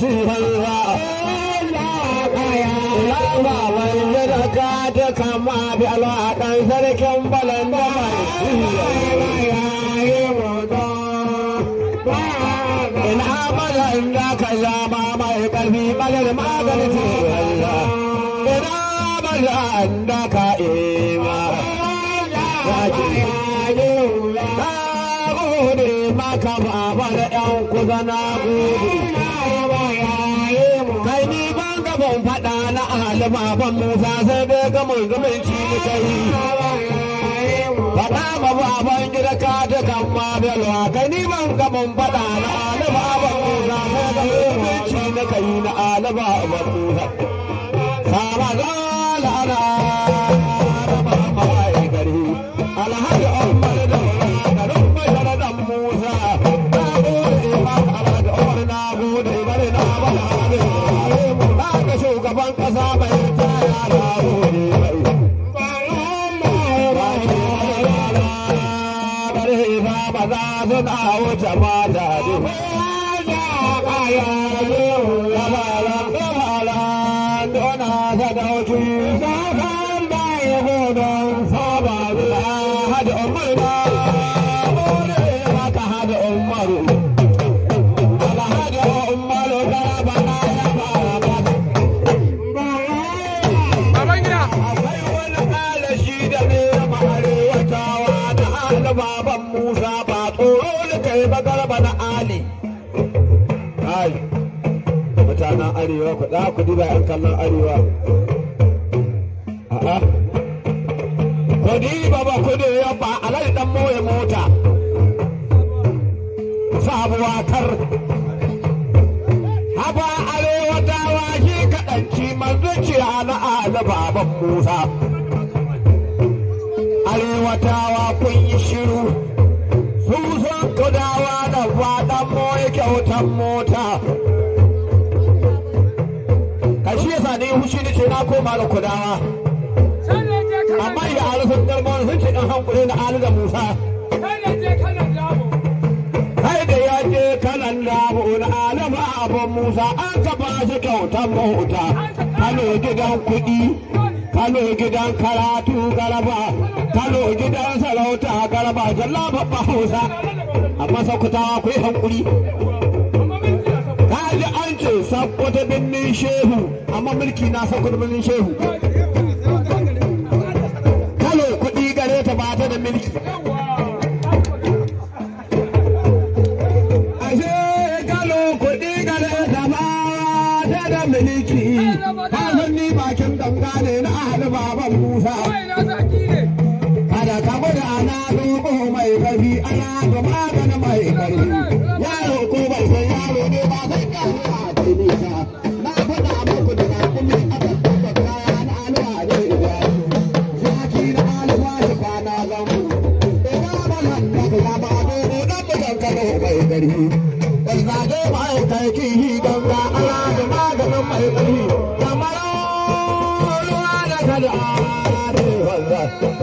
tuwalla lamba wanzu da ka ta kama bi sarkin balan da mai ina balan zama mai ƙarfi balan maganin tuwalla ina da ka Na gode maka da baban Musa sai dai gamin gamin ci mu kai fada ma baban gida ka da kan ma belwa kai ni ban gamin fada na alaba baban Musa sai gamin gamin ci na kai na alaba baban Musa suna wuce mata ne. Dona sadauki sakan bai gudun saba zuwa hajji umar ba. musa ba tsoro ka yi ba garba na ali ai mutanen arewa ku da ku diba yan kallon arewa a'a ku diba ba ku ne ba alai dan moye mota sabuwa kar haba arewa dawa shi kaɗanci manzo ce ala ala baban musa malam kudawa amma ya haru sun darma sun ce dan na ali da musa kai da ya je kanan labu na alama abun musa an ka ba shi kyautar mahuta kano gidan kudi, kano gidan karatu garaba kano gidan sarauta garaba jalla babba hausa amma sakutawa ku yi hankuri na ji an ce sakwata shehu amma mulki na kudin birnin shehu kalo kuɗi gare ta ba ta da mulki ashe kalo kuɗi gare ta ba ta da mulki ba sunni ni bakin danga ne na ahli baban musa kada ka gwada ana dogo mai gari. ana Zage ma'aikaki ganga ana da maganin mai ƙarfi, kamar ruwa da kada